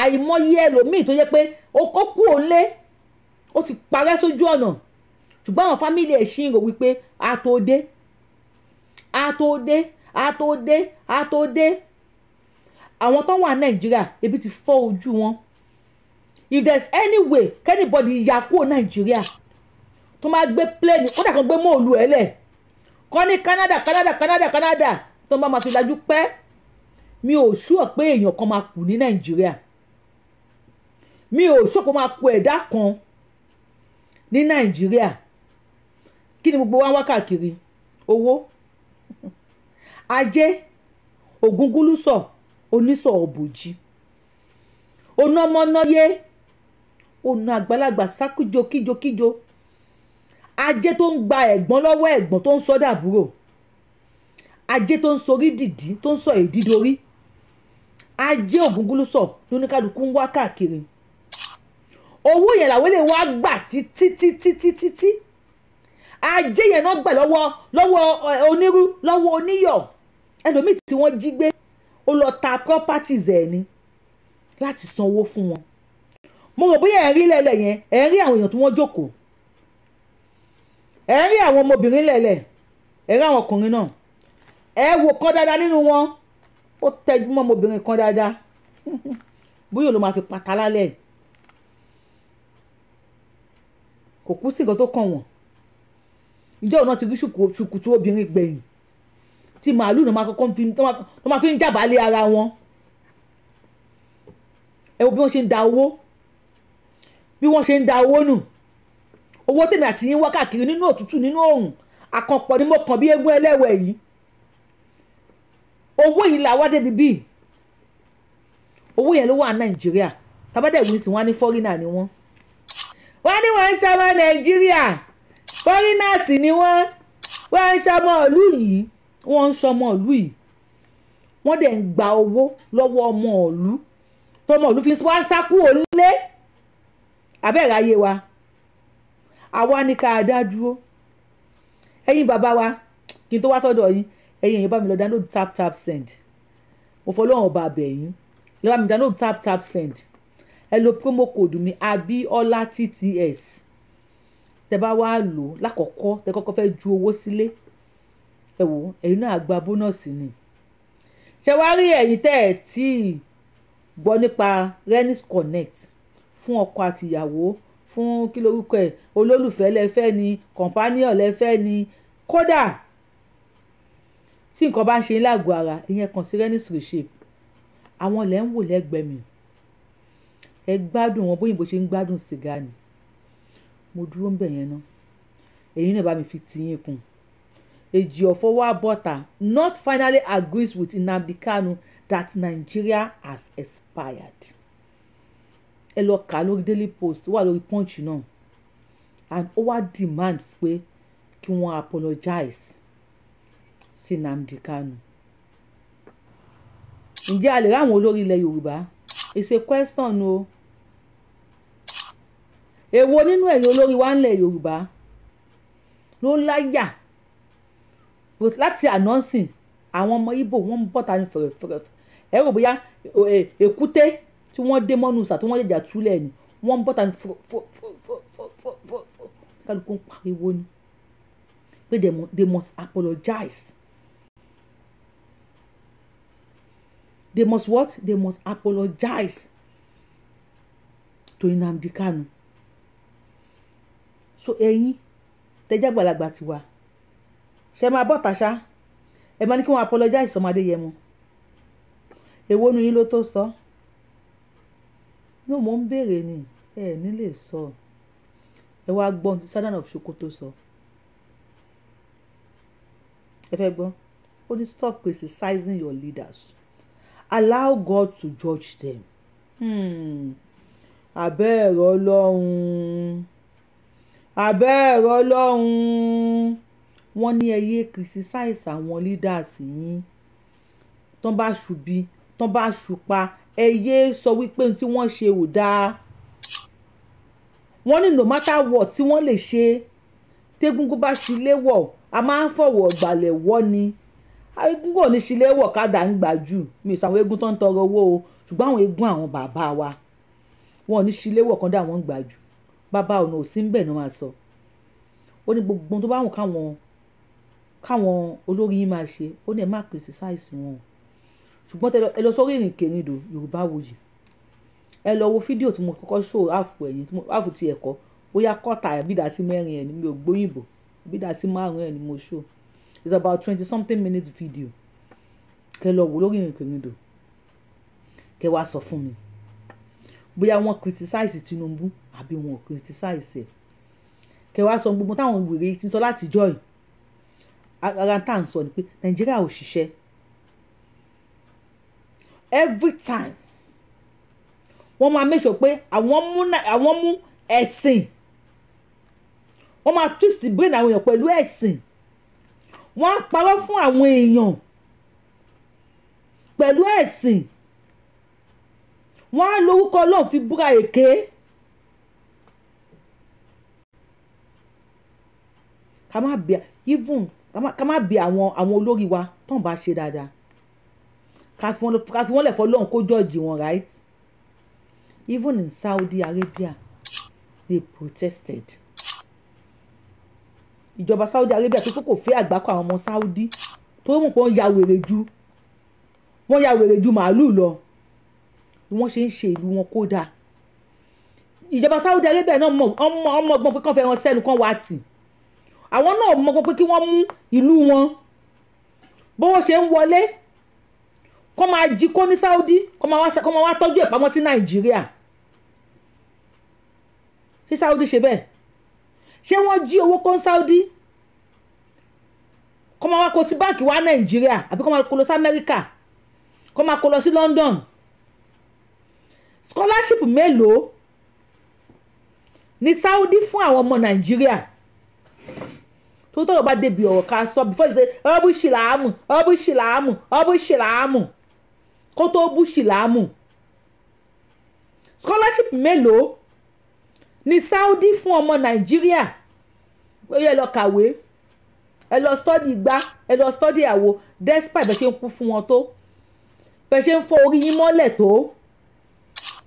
àìmọye ẹlòmíì tó yẹ pé ó kú òlé ó ti parẹ́ sójú ọ̀nà ṣùgbọ́n àwọn fámìlì ẹ̀ ṣì ń rò wípé a tó dé a tó dé a tó dé a tó dé àwọn tó wà nàìjíríà ebi ti fọ́ ojú wọn if there's any way kẹ́nìbọ̀dì yà kúrò nàìjíríà tó máa gbé plane kódà kan gbé mọ́ọ̀lù ẹ̀ lẹ̀ kọ́ ní Canada Canada Canada Canada tó máa ma fi lajú pẹ́ mi ò ṣúọ̀ pé èèyàn kan máa kù ní nàìjíríà mi ò sọ́kò máa ku ẹ̀dá kan ní nàìjíríà kí ni gbogbo wa ń wá káàkiri owó ajé ògúngúlùsọ onísọ ọ̀bùjì onọmọnọyé ọ̀nà àgbàlagbà sákújo kíjokíjo ajé tó ń gba ẹ̀gbọ́n lọ́wọ́ ẹ̀gbọ́n tó ń sọ dàbúrò ajé tó ń sorí dìdí tó ń sọ èdídorí ajé ògúngúlùsọ lóníkàlùkù ń wá káàkiri owó yẹn làwọn lè wá gbà títí títí títí tí ajé yẹn náà gbà lọ́wọ́ lọ́wọ́ eh, onírú lọ́wọ́ oníyọ̀ ẹlòmíì tí wọ́n jí gbé ó lọ ta properties ẹ̀ ni láti san owó fún wọn mo rò bóyá ẹ̀rí lẹ́lẹ̀ yẹn ẹ̀rí àwọn èèyàn tí wọ́n jókòó ẹ̀rí àwọn ọmọbìnrin lẹ́lẹ̀ ẹ̀rí àwọn ọkùnrin náà ẹ wò kan dáadáa nínú wọn ó tẹjú mọ́ ọmọbìnrin kan dáadáa bóyá ló máa fi pàtàlálẹ̀ yìí kò kú sí nǹkan tó kàn wọ́n ìjọ náà ti rí ṣùkùtù obìnrin gbẹ̀yìn tí màálù náà máa kọ́kọ́ tó máa fi ń jàbálẹ̀ ara wọn ẹ wo bí wọ́n ṣe ń da owó bí wọ́n ṣe ń da owó nù owó tèmi àti yín wá káàkiri nínú òtútù nínú oòrùn àkànpọ̀ ni mo kàn bí eégún ẹlẹ́wẹ̀ yìí owó yìí làwọn débi bíi owó yẹn ló wà ní nàìjíríà tàbádẹ́wìn sì wọ́n á ní fọ́rínà ni wọ́n wọ́n ní wọ́n ń ṣọmọ nàìjíríà foreigners ni wọ́n wọ́n ń ṣọmọ ìlú yìí wọ́n ń ṣọmọ ìlú yìí wọ́n dẹ̀ ń gba owó lọ́wọ́ ọmọ ìlú tọmọ ìlú fi wá ń sá kúrò nílé àbẹ́ẹ̀rẹ̀ ayé wa àwa ni ká dá dúró ẹ̀yin bàbá wa kí n tó wá sọ́dọ̀ yín ẹ̀yin èèyàn bá mi lọ download tap tap send mo fọlọ́run ọba àbẹ̀yìn ẹ bá mi download tap tap send ẹ lo promo code mi abiola tts tẹ bá wá lò lákọ̀ọ́kọ́ tẹ kọ́kọ́ fẹ́ ju owó sílé ẹ wò ẹ̀yin náà gba bónọ́ọ̀sì ni ṣé wàá rí ẹ̀yin tẹ́ ẹ̀ tí ì gbọ́ nípa renis connect fún ọkọ àti ìyàwó fún kí lorúkọ ẹ̀ olólùfẹ́ lẹ́fẹ́ ni companion lẹ́fẹ́ ni kódà tí nǹkan bá ń ṣe ní lágọ̀ọ́ ara ìyẹn kàn sí renis reshape àwọn lẹ́ ń wò lẹ́gbẹ̀ẹ́ mi ẹ gbádùn wọn bóyìnbó ṣe ń gbádùn sìgá ni mo dúró ń bẹ̀ yẹn ná ẹ̀yin náà bá mi fi tiyín kún èjì ọ̀fọ̀ wá bọ́ta north finally agrees with Nnamdi Kanu that Nigeria has expired ẹ lọ kà lórí daily post ó wà lórí punch náà and ó demand pé kí wọ́n apologize sí Nnamdi Kanu ǹjẹ́ a lè ráwọn olórí ilẹ̀ Yorùbá it's a question o. No èwo nínú ẹ̀yin olórí wa ńlẹ̀ yorùbá ló láyà láti ànánsìn àwọn ọmọ Ìgbò wọn ń bọ́ta ní fẹ̀rẹ̀fẹ̀rẹ̀ ẹ rò bóyá èkúté tí wọ́n dé mọ́nú sà tí wọ́n jẹjà túlẹ̀ ni wọ́n ń bọ́ta ní fòfòfòfòfòfò kálukú ń pariwo ni pé they must apologize they must what they must apologize to Nnamdi Kanu so ẹ̀yin tẹ́jẹ́ àgbàlagbà ti wà ṣe máa bọ́ tàṣà ẹ máa ní kí wọ́n apologize sọmọ Adéyẹmọ èwo nu yín ló tó sọ ní mò ń béèrè ni ẹ ní lè sọ ẹ wá gbọ́n ti Sadan of Sokoto sọ ẹ fẹ́ gbọ́n ó ní stop criticizing your leaders allow God to judge them. Hmm. abẹ́ ẹ̀rọ ọlọ́run àbẹ́ẹ̀rọ ọlọ́run wọ́n ní ẹyẹ kìrìsìsáìsì àwọn leaders yín tán bá ṣùbí tán bá ṣùpa ẹyẹ sọ wípé tí wọ́n ṣe ò dáa wọ́n ní no matter what tí wọ́n lè ṣe tégúngún bá ṣílé wọ̀ a máa ń fọ̀wọ̀ gbàlẹ̀ wọ́ ni egúngún ò ní ṣílé wọ̀ kádà ń gbà jù mi sọ àwọn eégún tó ń tọrọ owó o ṣùgbọ́n àwọn eégún àwọn bàbá wa wọn ò ní ṣílé wọ̀ kán dà wọ́n ń gbà bàbá ọ̀nà ò sí ń bẹ̀ náà máa sọ ó ní gbogbo tó bá wù káwọn káwọn olórí yín máa ṣe ó ní ẹ má criticize wọn ṣùgbọ́n ẹ lọ sórí ìrìnkèrindò yorùbá wòye ẹ lọ wo fídíò tí mo kọ́kọ́ ṣó àfù ẹ̀yìn àfù ti ẹ̀kọ́ bóyá kọ́ta bídàsí mẹ́rin ẹ̀ ni mi ò gbóyìnbó bídàsí márùn-ún ẹ̀ ni mo ṣó it's about twenty something minutes video kẹ lọ wò lórí ìrìnkèrindò kẹ wá sọ fún mi bóyá wọ́n criticize Tinubu àbí wọn ò criticize ẹ̀ kẹwàá sọ gbogbo táwọn wèrè ti sọ láti jọ yìí ara tá à ń sọ ni pé Nàìjíríà ò ṣiṣẹ́ every time wọ́n máa make sure pé àwọn mú àwọn mú ẹ̀sìn wọ́n máa twist the brain àwọn èèyàn pẹ̀lú ẹ̀sìn wọ́n á parọ́ fún àwọn èèyàn pẹ̀lú ẹ̀sìn wọ́n á lórúkọ ọlọ́run fi búra èké. ká má bí even ká má bí àwọn àwọn olórí wa tán bá ṣe dáadáa ká fi wọ́n lẹ̀ fọ́ ọlọ́run kó jọ́ọ̀jì wọn right even in Saudi Arabia they protested ìjọba Saudi Arabia tó kò fẹ́ àgbákò àwọn ọmọ Saudi tó mọ̀ pé wọ́n ya wèrè ju wọ́n ya wèrè ju màálù lọ bí wọ́n ṣe ń ṣe ìlú wọn kódà ìjọba Saudi Arabia náà mọ ọmọ ọgbọ́n pé kàn fẹ́ràn sẹ́nu kan wá tì àwọn náà mọ pé kí wọ́n mú ìlú wọn bówó ṣe ń wọlé kó máa jí kó ní Saudi kó máa wá tọ́jú ẹ̀ pamọ́ sí Nàìjíríà ṣé Saudi ṣe bẹ́ẹ̀ ṣé wọ́n jí owó kó ní Saudi kó máa wá kó sí báǹkì wá Nàìjíríà àbí kó máa kó lọ sí Amẹ́ríkà kó máa kó lọ sí London scholarship mélòó ni Saudi fún àwọn ọmọ Nàìjíríà tó tọ́wọ́ bá débi ọ̀rọ̀ ká sọ before you say ọ́bù ṣìláàmù ọ́bù ṣìláàmù ọ́bù ṣìláàmù kó tó bú ṣìláàmù scholarship mélòó ni Saudi fún ọmọ Nàìjíríà ó yẹ lọ kàwé ẹ lọ study gbá ẹ lọ study àwo despite bẹ ṣe ń kú fún wọn tó bẹ ṣe ń fọ orí yín mọ́lẹ̀ tó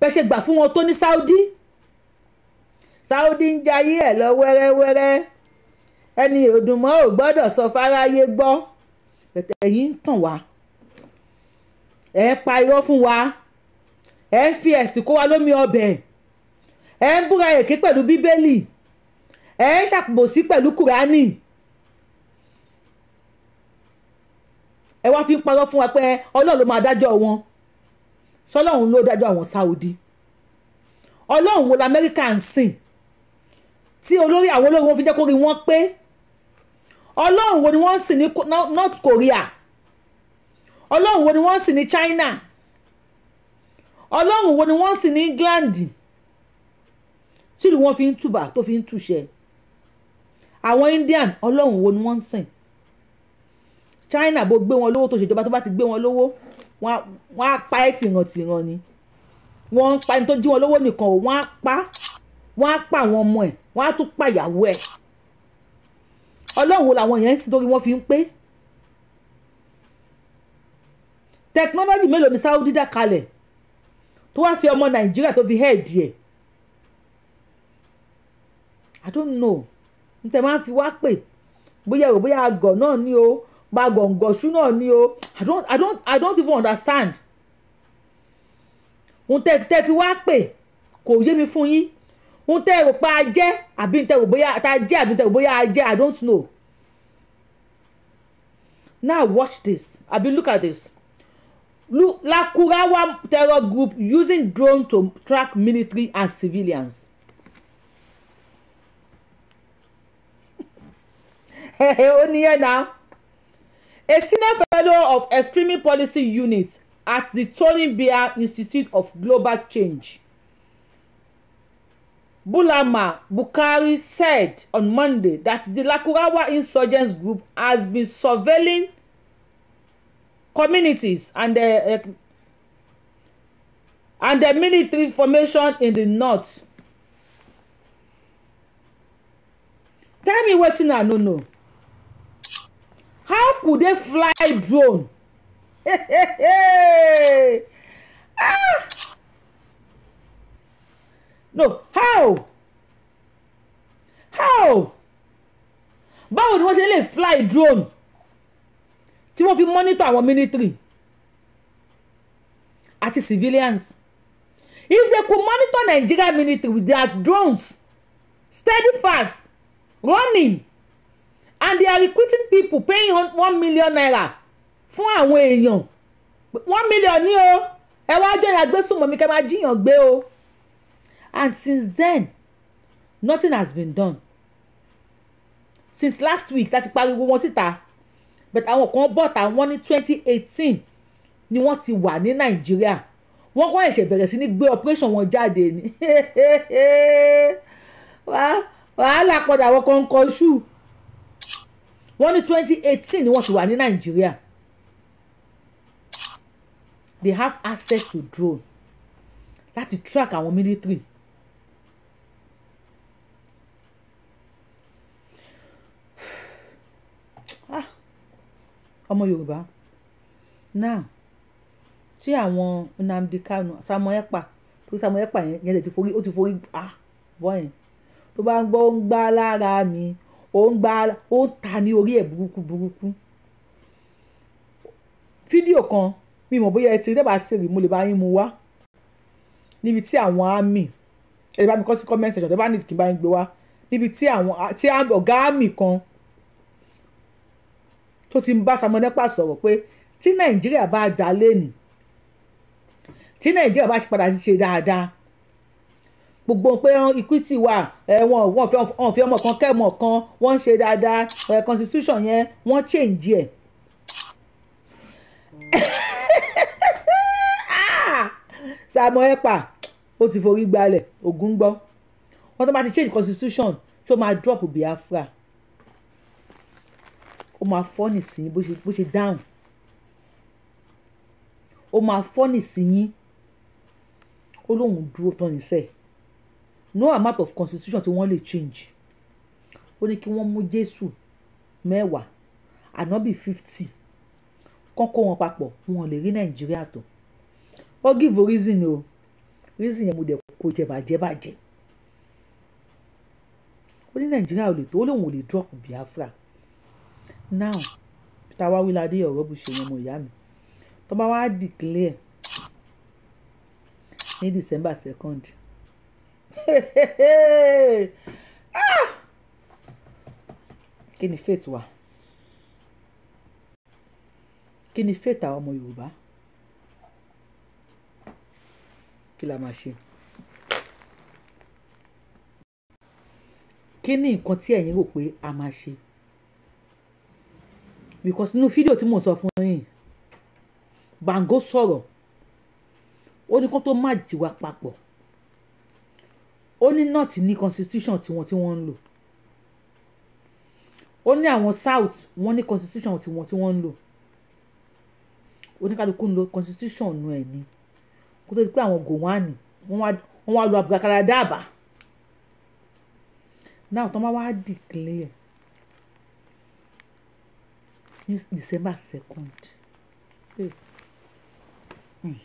bẹ́ẹ̀ ṣe gbà fún wọn tó ní Saudi Saudi ń jayé ẹ̀ lọ wẹ́rẹ́wẹ́rẹ́ ẹni òdùnmọ́ ò gbọ́dọ̀ sọ fáráyé gbọ́ bẹ̀tẹ̀ ẹ̀yin ń tàn wá ẹ̀ pa irọ́ fún wa ẹ̀ ń fi ẹ̀sìn kó wa lómi ọbẹ̀ ẹ̀ ń búra èké pẹ̀lú bíbélì ẹ̀ ń ṣàpòsí pẹ̀lú kùránì ẹ̀ wá fi ń parọ́ fún wa pé ọlọ́run ló máa dájọ́ wọn sọlọ́run ló dájọ́ àwọn Saudi ọlọ́run wo lamẹ́ríkà ń sìn tí olórí àwọn olórí wọn fi jẹ́ kó rí wọn pé ọlọ́run wo ni wọ́n ń sìn ní North Korea ọlọ́run wo ni wọ́n ń sìn ní China ọlọ́run wo ni wọ́n ń sìn ní England tílù wọn fi ń tùbà tó fi ń túṣẹ àwọn Indian ọlọ́run wo ni wọ́n ń sìn China bó gbé wọn lówó tó ṣèjọba tó bá ti gbé wọn lówó wọ́n á pa ẹ́ tìrantìran ni wọ́n ń pa ẹni tó jí wọn lówó nìkan o wọ́n á pa wọ́n á pa àwọn ọmọ ẹ̀ wọ́n á tún pa ìyàwó ẹ̀ ọlọ́run làwọn yẹn ń sin torí wọ́n fi ń pé tẹkinọ́lọ́jì mélòó ni Saudi dá kalẹ̀ tó wá fi ọmọ Nàìjíríà tó fi hẹ́ẹ̀dì ẹ̀ I don't know n tẹ máa ń fi wá pè bóyá èrò bóyá àgọ̀ náà ni o gbàgàngọ̀ṣú náà ni o i don't i don't i don't even understand ohun tẹ tẹ fi wá pè kò yé mi fún yín ohun tẹ rò pa ajẹ́ àbí tẹ rò bóyá ta jẹ́ àbí tẹ rò bóyá ajẹ́ i don't know now watch this àbí look at this look lakurawa terror group using drone to track military and civilians. ó níyẹn náà a senior fellow of Extreme Policy Unit at the Tony Blair Institute of Global Change. Bulama Bukari said on Monday that the Lakurawa insurgents group has been surveilling communities and the, uh, and the military formation in the north. Tell me wetin I no know how could they fly drone ah! no how how báwo ni wọ́n ṣe lè fly drone tí wọ́n fi monitor àwọn military àti civilians if they could monitor Nigeria military with their drones steady fast running and they are recruiting people paying one million naira fún àwọn èèyàn one million ní o ẹ wá jẹ́ ìyàgbésùnmọ̀ mi kẹ́ máa jíyàn gbé o and since then nothing has been done since last week láti pariwo wọn síta but àwọn kan bọ̀ ta wọ́n ní 2018. eighteen ni wọ́n ti wà ní nàìjíríà wọ́n kọ́ ẹ̀ṣẹ̀ bẹ̀rẹ̀ sí ní gbé operation wọn jáde ni wàhálà padà wọ́n kọ́ ń kọ́ ṣùù wọ́n ní twenty eighteen ni wọ́n ti wà ní nàìjíríà they have access to drone láti track àwọn military. Ah, ọmọ yorùbá now tí àwọn nnamdi kanu samuel ekpa tó samuel ekpa yẹn yẹn ti forí ó ti forí ah bọ́ yẹn tó bá ń gbọ́ ń gbá lára mi ó ń gba ó ń ta ní orí ẹ̀ burúkú burúkú fídíò kan mi mọ̀ bóyá ẹ ti rí dábàá ti rí mo lè bá yín mu wá níbi tí àwọn àmì ẹ lè bá mi kọ́ sí comment section ẹ bá ní kí n bá yín gbé wá níbi tí àwọn tí ọ̀gá àmì kan tó ti ń bá Samuel Ekpa sọ̀rọ̀ pé tí Nàìjíríà bá dá lẹ́nìí tí Nàìjíríà bá padà ṣe dáadáa gbogbo pé equity wà wọn wọn fi ọmọ kan kẹ́mọ̀ kan wọ́n ń ṣe dáadáa constitution yẹn wọ́n change ẹ̀. Samuel Ekpa ó ti forí gbalẹ̀ ogun gbọ́ wọ́n tó bá ti change constitution tó máa drop Biafra ó máa fọ́ nìsín bó ṣe dáhùn ó máa fọ́ nìsín yín ó lóun dúró tán nísẹ́ẹ̀ no amount of constitution tí wọ́n lè change ó ní kí wọ́n mú jésù mẹ́wàá ànábì fifty kọ́kọ́ wọn papọ̀ wọn lè rí nàìjíríà tó ó give reason o reason yẹn mo dẹ̀ kó jẹ bàjẹ́ bàjẹ́ ó ní nàìjíríà ò lè tó ó lóun ò lè drop biafra now táwa wí ládé ọ̀rọ̀ bù ṣe yẹn mo ìyá mi tó bá declare ní december second Ah! kí ni faith wa kí ni faith àwọn ọmọ Yorùbá kí la máa ṣe kí ni nǹkan tí ẹ̀yin rò pé a máa ṣe because nínú fídíò tí mo sọ fún yín gbàǹgó sọ̀rọ̀ ó ní kó tó má jìwà papọ̀ ó ní north ní constitution tiwọn tí wọ́n ń lò ó ní àwọn south wọ́n ní constitution tiwọn tí wọ́n ń lò oníkàlùkù ń lo constitution nu ẹ̀ ni kó tó di pé àwọn gòwánì wọ́n wá lo àbùkàkàrà dáàbà náà tó máa wá declare ní december second hmm.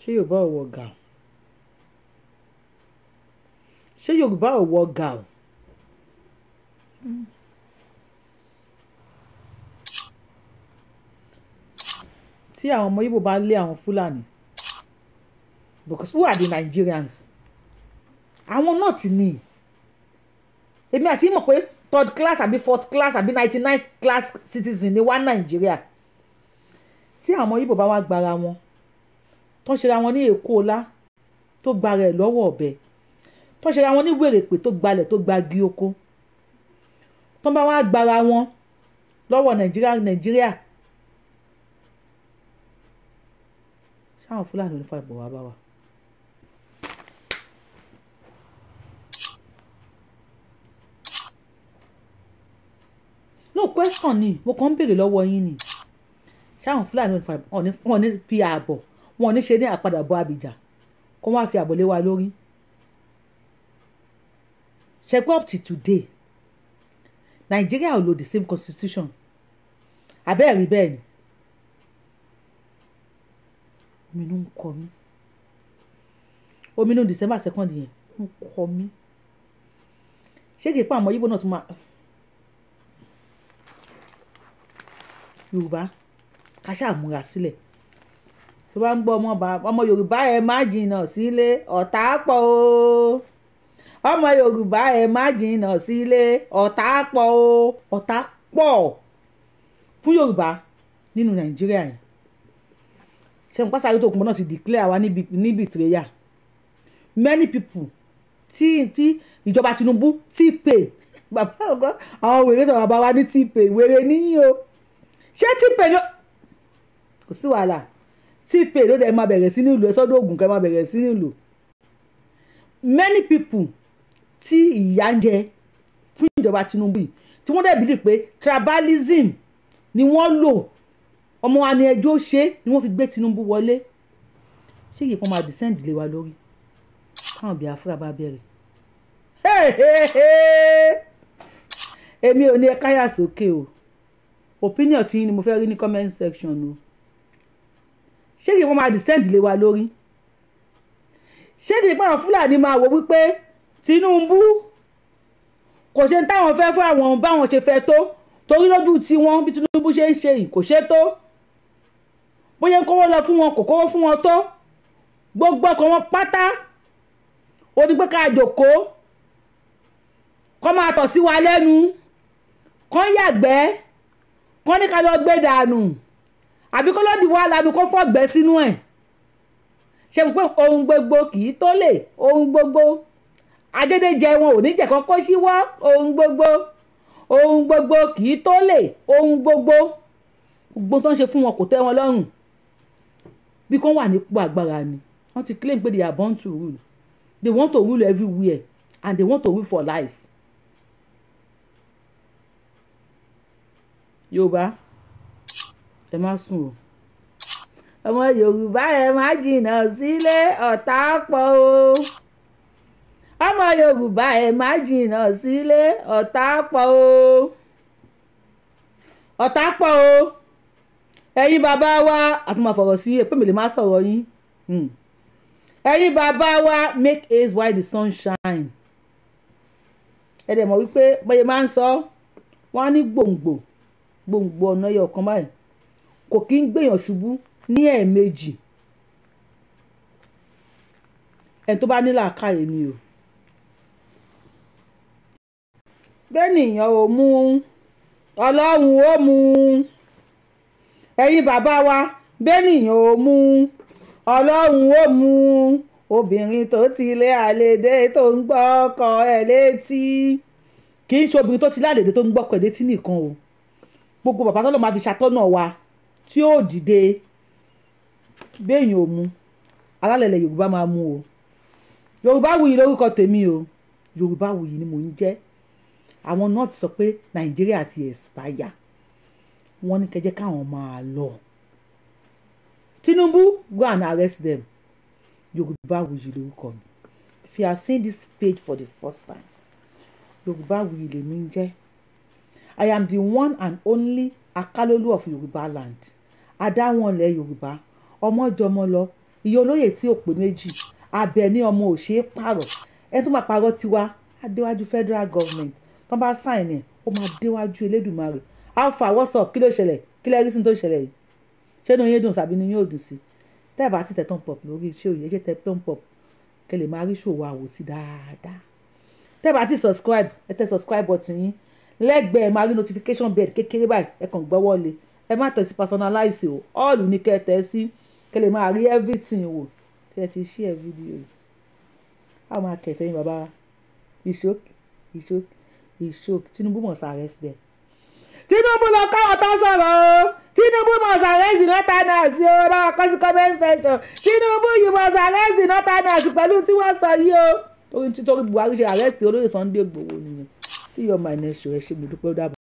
ṣé yóò bá ọ̀wọ̀ gà o ṣé Yorùbá ò wọ gàù. tí àwọn ọmọ Ìgbò bá lé àwọn Fúlàní because who are the Nigerians àwọn náà ti ní èmi àti mọ̀ pé third class àbí fourth class àbí ninety ninth class citizen ni wá Nàìjíríà tí àwọn ọmọ Ìgbò bá wá gbara wọn tó ń ṣera wọn ní èkó ọlá tó gbara ẹ̀ lọ́wọ́ ọ̀bẹ tó ṣe ra wọn ní wèrèpè tó gbalẹ̀ tó gba gi oko tó bá wá gbara wọn lọ́wọ́ nàìjíríà nàìjíríà sáwọn fúlàní onífà ìbò wa bá wa. no question ni mo kàn ń béèrè lọ́wọ́ yín ni sáwọn fúlàní onífà wọn ò ní fi ààbọ̀ wọn ò ní ṣe ní àpadàbọ̀ àbíjà kó wọn á fi ààbọ̀ lé wa lórí ṣe pé up to today Nigeria ò lò the same constitution abẹ́ẹ̀ rí bẹ́ẹ̀ ni ominú ń kọ mí ominú December second yẹn ń kọ mí ṣé kìí pa àwọn Igbo náà tún máa Yorùbá ká ṣáà múra sílẹ̀ tó bá ń gbọ́ ọmọ Yorùbá ẹ má jìnnà sílé ọ̀tá pọ̀ o ọmọ yorùbá ẹ má jìnnà sílé ọ̀tá pọ̀ o ọ̀tá pọ̀ fún yorùbá nínú nàìjíríà yìí ṣẹ́yìn pásáré tó kún náà ti declare wa ní betrayal many people tí tí ìjọba tinubu ti pè bàbá ọgọ àwọn wèrè sọ bàbá wa ní ti pè wèrè níyìn o ṣé ti pè ní kò sí wàhálà tí pè ló dẹ̀ máa bẹ̀rẹ̀ sí nílùú ẹ sọ́dọ̀ ògùn kẹ́ máa bẹ̀rẹ̀ sí nílùú many people tí ìyà ń jẹ fún ìjọba Tinubu yìí tí wọ́n dẹ̀ bílì pé tribalism ni wọ́n lò ọmọ wa ni ẹjọ́ ṣe ni wọ́n fi gbé Tinubu wọlé ṣé yìí kan máa descend lé wa lórí káwọn Biafra bá bẹ̀rẹ̀ èmi ò ní ẹ káyà sókè o opinion tí yín ni mo fẹ́ rí ní comment section o ṣé kí wọ́n máa descend lé wa lórí ṣé kí ìpàrọ̀ Fúlàní máa wò wípé Tinubu kò ṣe táwọn fẹ́ fún àwọn báwọn ṣe fẹ́ tó torí lójú tiwọn bí Tinubu ṣe ń ṣe yìí kò ṣe tó bóyá ń kówó lọ fún wọn kò kówó fún wọn tó gbogbo ọkàn wọn pátá onígbé ká jókòó kọ́ máa tọ̀ sí wa lẹ́nu kọ́ yàgbẹ́ kọ́ ní ká lọ gbé dànù àbí kó lọ́dì wá làbí kó fọ̀gbẹ́ sínú ẹ̀ ṣe mọ̀ pé ohun gbogbo kì í tó lè ohun gbogbo adédèjẹ wọn ò ní jẹ̀kan kó síwọ́ ohun gbogbo ohun gbogbo kì í tó lè ohun gbogbo gbogbo tó ń ṣe fún wọn kò tẹ́ wọn lọ́rùn bí kò wà nípò agbára ni wọ́n ti claim pé they are born to rule they want to rule everywhere and they want to rule for life. yorùbá ẹ má sùn o ọmọ yorùbá ẹ má jìnnà sílé ọ̀tá pọ̀ o ọmọ yorùbá ẹ má jìnnà sílé ọ̀tá pọ̀ o ọ̀tá pọ̀ o ẹ̀yin bàbá wa àtúmọ̀ fọ̀rọ̀ sí èpè mi lè má sọ̀rọ̀ yín hmm. ẹ̀yin bàbá wa make haze while the sun shine ẹ dẹ̀ mọ̀ wípé bẹ́ẹ̀ máa ń sọ wọ́n á ní gbòǹgbò gbòǹgbò ọ̀nà yẹ ọ̀kan báyìí kò kí ń gbèyàn ṣubú ní ẹ̀ẹ̀mejì ẹni tó bá ní làákàyè ni o bẹ́nìyàn ò mú ọlọ́run ó mú ẹ̀yin bàbá wa bẹ́nìyàn ò mú ọlọ́run ó mú obìnrin tó ti lé àlèdè tó ń gbọ́ ọkọ ẹ̀ létí kì í ṣe obìnrin tó ti lé àlèdè tó ń gbọ́ ọkọ ẹ̀ létí nìkan o gbogbo bàbá tó máa fi ṣàtọ́nà wa tí ó dìde béèyàn ò mú alálẹ̀lẹ̀ yorùbá máa mú o yorùbá wuyì lórúkọ tèmi o yorùbá wuyì ni mò ń jẹ́ àwọn north sọ pé nàìjíríà ti expire wọ́n ní kẹjẹ́ káwọn máa lọ tinubu go and arrest them Yorùbáwùyí lórúkọ mi if you are seeing this page for the first time Yorùbáwùyí lèmi ń jẹ́ i am the one and only Akalolu of yorùbá land adáwọnlẹ̀ yorùbá ọmọjọmọ lọ iye olóyè tí ò pé méjì abẹ ní ọmọ òṣèré pààrọ̀ ẹni tó máa pààrọ̀ tiwa adéwájú federal government tó bá sign ẹ̀ ó máa déwájú Elédùmarè alpha what's up kí ló ṣẹlẹ̀ kí lẹ́rí sí ní tó ṣẹlẹ̀ yìí ṣé inú yín dùn sàbí inú yín ò dùn sí tẹ́ ẹ̀ bá ti tẹ̀ tán pop lórí ṣé òye jẹ́ tẹ̀ tán pop kẹ́ lè máa rí ṣòwò àwò sí dáadáa tẹ́ ẹ̀ bá ti subscribe ẹ tẹ̀ subscribe button yín lẹ́gbẹ̀ẹ́ máa rí notification bell kékeré báyìí ẹ kàn gbọ́wọ́ lé ẹ má tẹ̀ sí personalize o all ní kẹ́ ẹ tẹ̀ sí kẹ́ lè máa rí everything wò tí ẹ ti share video yìí àwọn akẹ́tẹ̀yìn bàbá ìṣókè ìṣókè he shook Tinubu must arrest them Tinubu lọ káwọn tó sọ̀rọ̀ o Tinubu must arrest the northerners o náà kọsí comment section Tinubu you must arrest the northerners pẹ̀lú tí wọ́n sọ yìí o torí Buhari ṣe arrest olóyè Sunday Igboho nìyẹn see your on my next show ẹ ṣé mi dúpẹ́